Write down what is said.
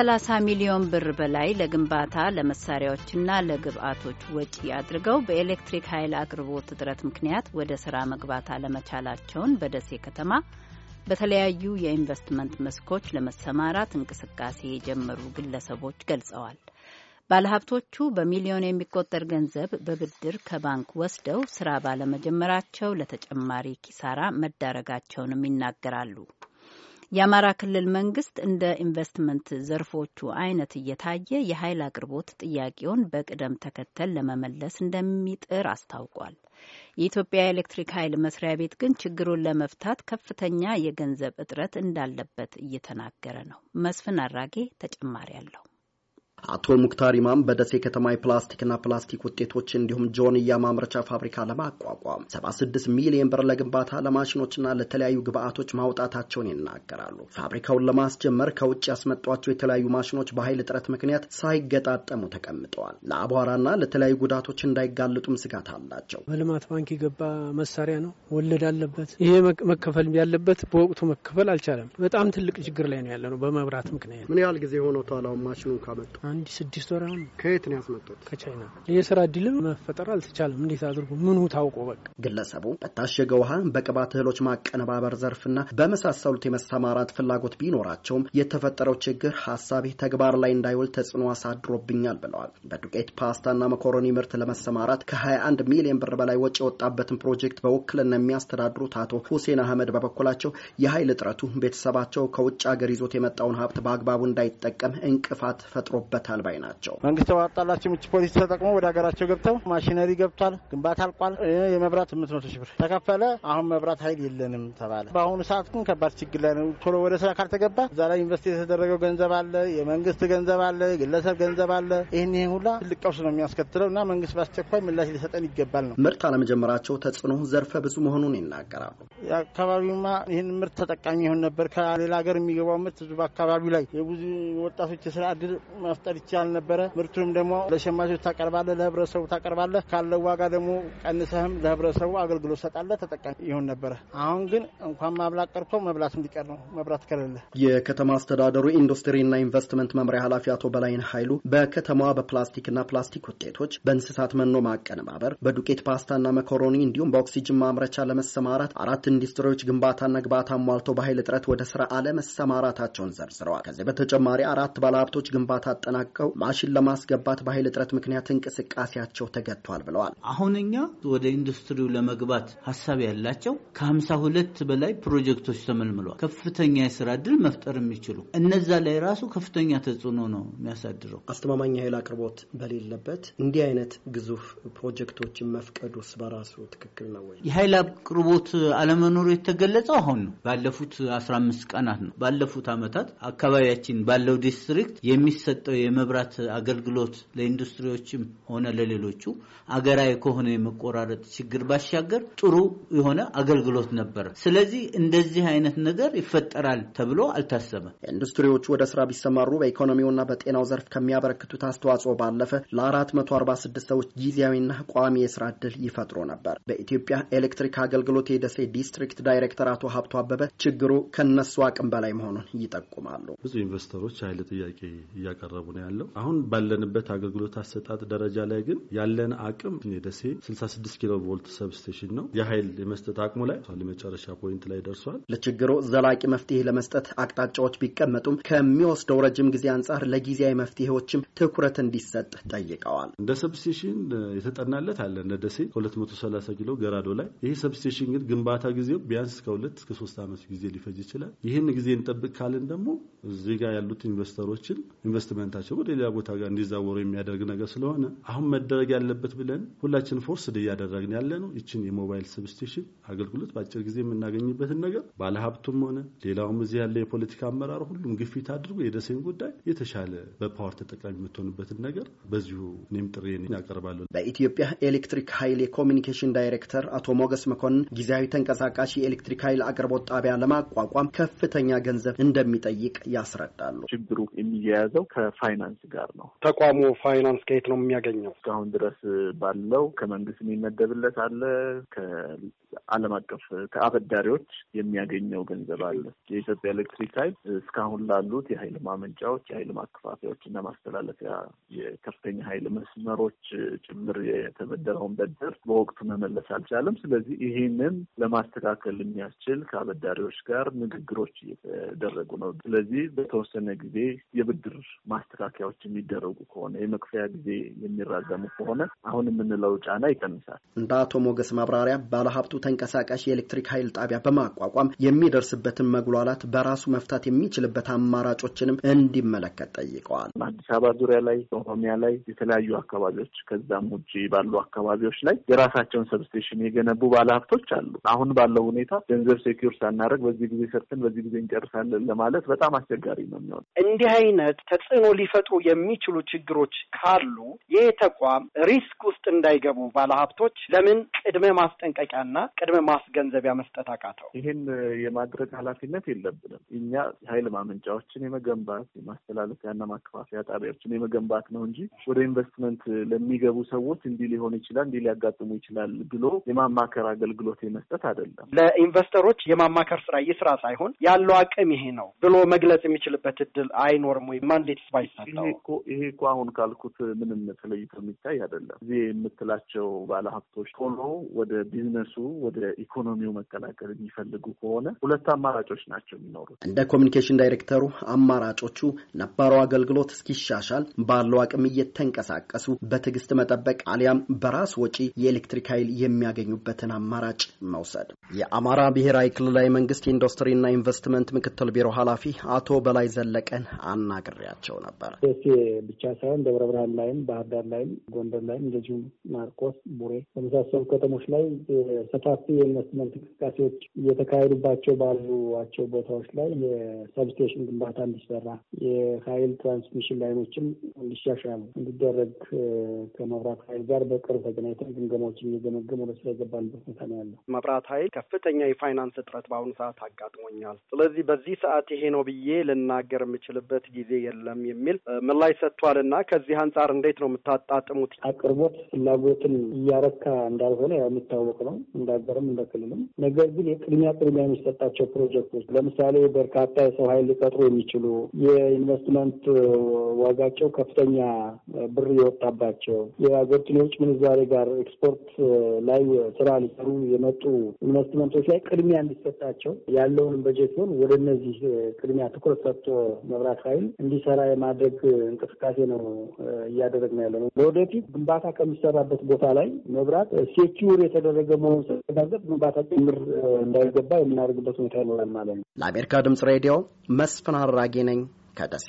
ከ30 ሚሊዮን ብር በላይ ለግንባታ ለመሳሪያዎችና ለግብአቶች ወጪ አድርገው በኤሌክትሪክ ኃይል አቅርቦት እጥረት ምክንያት ወደ ስራ መግባት አለመቻላቸውን በደሴ ከተማ በተለያዩ የኢንቨስትመንት መስኮች ለመሰማራት እንቅስቃሴ የጀመሩ ግለሰቦች ገልጸዋል። ባለሀብቶቹ በሚሊዮን የሚቆጠር ገንዘብ በብድር ከባንክ ወስደው ስራ ባለመጀመራቸው ለተጨማሪ ኪሳራ መዳረጋቸውንም ይናገራሉ። የአማራ ክልል መንግስት እንደ ኢንቨስትመንት ዘርፎቹ አይነት እየታየ የኃይል አቅርቦት ጥያቄውን በቅደም ተከተል ለመመለስ እንደሚጥር አስታውቋል። የኢትዮጵያ ኤሌክትሪክ ኃይል መስሪያ ቤት ግን ችግሩን ለመፍታት ከፍተኛ የገንዘብ እጥረት እንዳለበት እየተናገረ ነው። መስፍን አራጌ ተጨማሪ አለው። አቶ ሙክታር ኢማም በደሴ ከተማ የፕላስቲክና ፕላስቲክ ውጤቶች እንዲሁም ጆንያ ማምረቻ ፋብሪካ ለማቋቋም 76 ሚሊዮን ብር ለግንባታ ለማሽኖችና ለተለያዩ ግብአቶች ማውጣታቸውን ይናገራሉ። ፋብሪካውን ለማስጀመር ከውጭ ያስመጧቸው የተለያዩ ማሽኖች በኃይል እጥረት ምክንያት ሳይገጣጠሙ ተቀምጠዋል። ለአቧራና ለተለያዩ ጉዳቶች እንዳይጋለጡም ስጋት አላቸው። በልማት ባንክ የገባ መሳሪያ ነው። ወለድ አለበት። ይሄ መከፈል ያለበት በወቅቱ መከፈል አልቻለም። በጣም ትልቅ ችግር ላይ ነው ያለ ነው። በመብራት ምክንያት ምን ያህል ጊዜ ሆኖታል? አሁን ማሽኑን ካመጡ አንድ ስድስት ወር አሁን። ከየት ነው ያስመጡት? ከቻይና። የስራ እድልም መፈጠር አልተቻለም። እንዴት አድርጎ ምኑ ታውቆ በቃ ግለሰቡ በታሸገ ውሃ በቅባት እህሎች ማቀነባበር ዘርፍና በመሳሰሉት የመሰማራት ፍላጎት ቢኖራቸውም የተፈጠረው ችግር ሀሳቤ ተግባር ላይ እንዳይውል ተጽዕኖ አሳድሮብኛል ብለዋል። በዱቄት ፓስታና መኮረኒ ምርት ለመሰማራት ከ21 ሚሊዮን ብር በላይ ወጪ የወጣበትን ፕሮጀክት በውክልና የሚያስተዳድሩት አቶ ሁሴን አህመድ በበኩላቸው የኃይል እጥረቱ ቤተሰባቸው ከውጭ ሀገር ይዞት የመጣውን ሀብት በአግባቡ እንዳይጠቀም እንቅፋት ፈጥሮበት ይገኙበታል ባይ ናቸው። መንግስት ባወጣላቸው ምች ፖሊሲ ተጠቅሞ ወደ ሀገራቸው ገብተው ማሽነሪ ገብቷል፣ ግንባታ አልቋል። የመብራት ስምንት መቶ ሺህ ብር ተከፈለ። አሁን መብራት ኃይል የለንም ተባለ። በአሁኑ ሰዓት ግን ከባድ ችግር ላይ ነው። ቶሎ ወደ ስራ ካልተገባ እዛ ላይ ኢንቨስት የተደረገው ገንዘብ አለ፣ የመንግስት ገንዘብ አለ፣ የግለሰብ ገንዘብ አለ። ይህን ይህ ሁላ ትልቅ ቀውስ ነው የሚያስከትለው እና መንግስት በአስቸኳይ ምላሽ ሊሰጠን ይገባል ነው። ምርት አለመጀመራቸው ተጽዕኖ ዘርፈ ብዙ መሆኑን ይናገራሉ። የአካባቢውማ ይህን ምርት ተጠቃሚ ይሆን ነበር። ከሌላ ሀገር የሚገባው ምርት በአካባቢው ላይ የብዙ ወጣቶች የስራ እድል መፍጠ መቆጣጠር ይቻል ነበረ። ምርቱንም ደግሞ ለሸማቾች ታቀርባለ፣ ለህብረተሰቡ ታቀርባለ። ካለው ዋጋ ደግሞ ቀንሰህም ለህብረተሰቡ አገልግሎት ሰጣለ፣ ተጠቃሚ ይሆን ነበረ። አሁን ግን እንኳን ማብላት ቀርቶ መብላት እንዲቀር ነው። መብራት ከሌለ የከተማ አስተዳደሩ ኢንዱስትሪና ኢንቨስትመንት መምሪያ ኃላፊ አቶ በላይን ኃይሉ በከተማዋ በፕላስቲክና ፕላስቲክ ውጤቶች፣ በእንስሳት መኖ ማቀነባበር፣ በዱቄት ፓስታና መኮሮኒ እንዲሁም በኦክሲጅን ማምረቻ ለመሰማራት አራት ኢንዱስትሪዎች ግንባታና ግብዓት አሟልተው በኃይል እጥረት ወደ ስራ አለመሰማራታቸውን ዘርዝረዋል። ከዚህ በተጨማሪ አራት ባለሀብቶች ግንባታ አጠና ተጠናቀው ማሽን ለማስገባት በኃይል እጥረት ምክንያት እንቅስቃሴያቸው ተገጥቷል ብለዋል። አሁን እኛ ወደ ኢንዱስትሪው ለመግባት ሀሳብ ያላቸው ከሀምሳ ሁለት በላይ ፕሮጀክቶች ተመልምለዋል። ከፍተኛ የስራ እድል መፍጠር የሚችሉ እነዛ ላይ ራሱ ከፍተኛ ተጽዕኖ ነው የሚያሳድረው። አስተማማኝ ኃይል አቅርቦት በሌለበት እንዲህ አይነት ግዙፍ ፕሮጀክቶችን መፍቀዱስ በራሱ ትክክል ነው ወይ? የኃይል አቅርቦት አለመኖሩ የተገለጸው አሁን ነው፣ ባለፉት 15 ቀናት ነው። ባለፉት ዓመታት አካባቢያችን ባለው ዲስትሪክት የሚሰጠው የመብራት አገልግሎት ለኢንዱስትሪዎችም ሆነ ለሌሎቹ አገራዊ ከሆነ የመቆራረጥ ችግር ባሻገር ጥሩ የሆነ አገልግሎት ነበረ። ስለዚህ እንደዚህ አይነት ነገር ይፈጠራል ተብሎ አልታሰበም። ኢንዱስትሪዎቹ ወደ ስራ ቢሰማሩ በኢኮኖሚውና በጤናው ዘርፍ ከሚያበረክቱት አስተዋጽኦ ባለፈ ለ446 ሰዎች ጊዜያዊና ቋሚ የስራ እድል ይፈጥሮ ነበር። በኢትዮጵያ ኤሌክትሪክ አገልግሎት የደሴ ዲስትሪክት ዳይሬክተር አቶ ሀብቶ አበበ ችግሩ ከነሱ አቅም በላይ መሆኑን ይጠቁማሉ። ብዙ ኢንቨስተሮች ኃይል ጥያቄ እያቀረቡ ነው ያለው። አሁን ባለንበት አገልግሎት አሰጣጥ ደረጃ ላይ ግን ያለን አቅም የደሴ 66 ኪሎ ቮልት ሰብስቴሽን ነው የኃይል የመስጠት አቅሙ ላይ የመጨረሻ ፖይንት ላይ ደርሷል። ለችግሩ ዘላቂ መፍትሄ ለመስጠት አቅጣጫዎች ቢቀመጡም ከሚወስደው ረጅም ጊዜ አንጻር ለጊዜያዊ መፍትሄዎችም ትኩረት እንዲሰጥ ጠይቀዋል። እንደ ሰብስቴሽን የተጠናለት አለ እንደ ደሴ 230 ኪሎ ገራዶ ላይ ይህ ሰብስቴሽን ግን ግንባታ ጊዜው ቢያንስ ከሁለት እስከ ሶስት ዓመት ጊዜ ሊፈጅ ይችላል። ይህን ጊዜ እንጠብቅ ካልን ደግሞ እዚህ ጋር ያሉት ኢንቨስተሮችን ኢንቨስትመንት ትኩረታቸው ወደ ሌላ ቦታ ጋር እንዲዛወሩ የሚያደርግ ነገር ስለሆነ አሁን መደረግ ያለበት ብለን ሁላችን ፎርስ እያደረግን ያለ ነው። ይችን የሞባይል ሰብስቴሽን አገልግሎት በአጭር ጊዜ የምናገኝበትን ነገር ባለሀብቱም ሆነ ሌላውም እዚህ ያለ የፖለቲካ አመራር ሁሉም ግፊት አድርጎ የደሴን ጉዳይ የተሻለ በፓወር ተጠቃሚ የምትሆንበትን ነገር በዚሁ እኔም ጥሬን ያቀርባለሁ። በኢትዮጵያ ኤሌክትሪክ ኃይል የኮሚኒኬሽን ዳይሬክተር አቶ ሞገስ መኮንን ጊዜያዊ ተንቀሳቃሽ የኤሌክትሪክ ኃይል አቅርቦት ጣቢያ ለማቋቋም ከፍተኛ ገንዘብ እንደሚጠይቅ ያስረዳሉ። ችግሩ የሚያያዘው ከፋ ፋይናንስ ጋር ነው። ተቋሙ ፋይናንስ ከየት ነው የሚያገኘው? እስካሁን ድረስ ባለው ከመንግስት የሚመደብለት አለ፣ ዓለም አቀፍ ከአበዳሪዎች የሚያገኘው ገንዘብ አለ። የኢትዮጵያ ኤሌክትሪክ ኃይል እስካሁን ላሉት የኃይል ማመንጫዎች፣ የኃይል ማከፋፊያዎች እና ማስተላለፊያ የከፍተኛ ኃይል መስመሮች ጭምር የተበደረውን ብድር በወቅቱ መመለስ አልቻለም። ስለዚህ ይህንን ለማስተካከል የሚያስችል ከአበዳሪዎች ጋር ንግግሮች እየተደረጉ ነው። ስለዚህ በተወሰነ ጊዜ የብድር ማስተካከያዎች የሚደረጉ ከሆነ የመክፈያ ጊዜ የሚራዘሙ ከሆነ አሁን የምንለው ጫና ይቀንሳል። እንደ አቶ ሞገስ ማብራሪያ ባለሀብቱ ተንቀሳቃሽ የኤሌክትሪክ ኃይል ጣቢያ በማቋቋም የሚደርስበትን መጉላላት በራሱ መፍታት የሚችልበት አማራጮችንም እንዲመለከት ጠይቀዋል። አዲስ አበባ ዙሪያ ላይ፣ ኦሮሚያ ላይ፣ የተለያዩ አካባቢዎች ከዛም ውጭ ባሉ አካባቢዎች ላይ የራሳቸውን ሰብስቴሽን የገነቡ ባለሀብቶች አሉ። አሁን ባለው ሁኔታ ገንዘብ ሴኪር ሳናደርግ በዚህ ጊዜ ሰርተን በዚህ ጊዜ እንጨርሳለን ለማለት በጣም አስቸጋሪ ነው የሚሆነው። እንዲህ አይነት ተጽዕኖ ሊፈጥሩ የሚችሉ ችግሮች ካሉ ይህ ተቋም ሪስክ ውስጥ እንዳይገቡ ባለሀብቶች ለምን ቅድመ ማስጠንቀቂያና ቅድመ ማስገንዘቢያ መስጠት አቃተው? ይህን የማድረግ ኃላፊነት የለብንም እኛ ኃይል ማመንጫዎችን የመገንባት የማስተላለፊያና ማከፋፈያ ጣቢያዎችን የመገንባት ነው እንጂ ወደ ኢንቨስትመንት ለሚገቡ ሰዎች እንዲህ ሊሆን ይችላል እንዲህ ሊያጋጥሙ ይችላል ብሎ የማማከር አገልግሎት የመስጠት አይደለም። ለኢንቨስተሮች የማማከር ስራ ይስራ ሳይሆን ያለው አቅም ይሄ ነው ብሎ መግለጽ የሚችልበት እድል አይኖርም ወይ? ማንዴት ባይሰጠው ይሄ እኮ አሁን ካልኩት ምንም ተለይቶ የሚታይ አይደለም። እዚህ የምትላቸው ባለሀብቶች ቶሎ ወደ ቢዝነሱ ወደ ኢኮኖሚው መቀላቀል የሚፈልጉ ከሆነ ሁለት አማራጮች ናቸው የሚኖሩት። እንደ ኮሚኒኬሽን ዳይሬክተሩ አማራጮቹ ነባረው አገልግሎት እስኪሻሻል ባለው አቅም እየተንቀሳቀሱ በትዕግስት መጠበቅ አሊያም በራስ ወጪ የኤሌክትሪክ ኃይል የሚያገኙበትን አማራጭ መውሰድ። የአማራ ብሔራዊ ክልላዊ መንግስት የኢንዱስትሪና ኢንቨስትመንት ምክትል ቢሮ ኃላፊ አቶ በላይ ዘለቀን አናግሬያቸው ነበር። ደሴ ብቻ ሳይሆን ደብረ ብርሃን ላይም፣ ባህር ዳር ላይም፣ ጎንደር ላይም እንደዚሁም ማርቆስ፣ ቡሬ በመሳሰሉ ከተሞች ላይ ሰፋፊ የኢንቨስትመንት እንቅስቃሴዎች እየተካሄዱባቸው ባሉቸው ቦታዎች ላይ የሰብስቴሽን ግንባታ እንዲሰራ፣ የሀይል ትራንስሚሽን ላይኖችም እንዲሻሻሉ እንዲደረግ ከመብራት ሀይል ጋር በቅርብ ተገናኝተን ግምገማዎች እየገመገም ወደ ስራ የገባንበት ሁኔታ ነው ያለው። መብራት ሀይል ከፍተኛ የፋይናንስ እጥረት በአሁኑ ሰዓት አጋጥሞኛል። ስለዚህ በዚህ ሰዓት ይሄ ነው ብዬ ልናገር የምችልበት ጊዜ የለም የሚል ምላሽ ሰጥቷል። እና ከዚህ አንጻር እንዴት ነው የምታጣጥሙት? አቅርቦት ፍላጎትን እያረካ እንዳልሆነ ያው የሚታወቅ ነው። አልነበረም እንደ ክልልም። ነገር ግን የቅድሚያ ቅድሚያ የሚሰጣቸው ፕሮጀክቶች ለምሳሌ በርካታ የሰው ኃይል ሊቀጥሩ የሚችሉ የኢንቨስትመንት ዋጋቸው ከፍተኛ ብር የወጣባቸው የሀገሪቱን የውጭ ምንዛሬ ጋር ኤክስፖርት ላይ ስራ ሊሰሩ የመጡ ኢንቨስትመንቶች ላይ ቅድሚያ እንዲሰጣቸው ያለውንም በጀት ሲሆን ወደ እነዚህ ቅድሚያ ትኩረት ሰጥቶ መብራት ኃይል እንዲሰራ የማድረግ እንቅስቃሴ ነው ነው ያለ ነው። ለወደፊት ግንባታ ከሚሰራበት ቦታ ላይ መብራት ሴኪውር የተደረገ መሆኑን ለማረጋገጥ ግንባታ ጭምር እንዳይገባ የምናደርግበት ሁኔታ ይኖራል ማለት ነው። ለአሜሪካ ድምጽ ሬዲዮ መስፍን አራጌ ነኝ ከደሴ።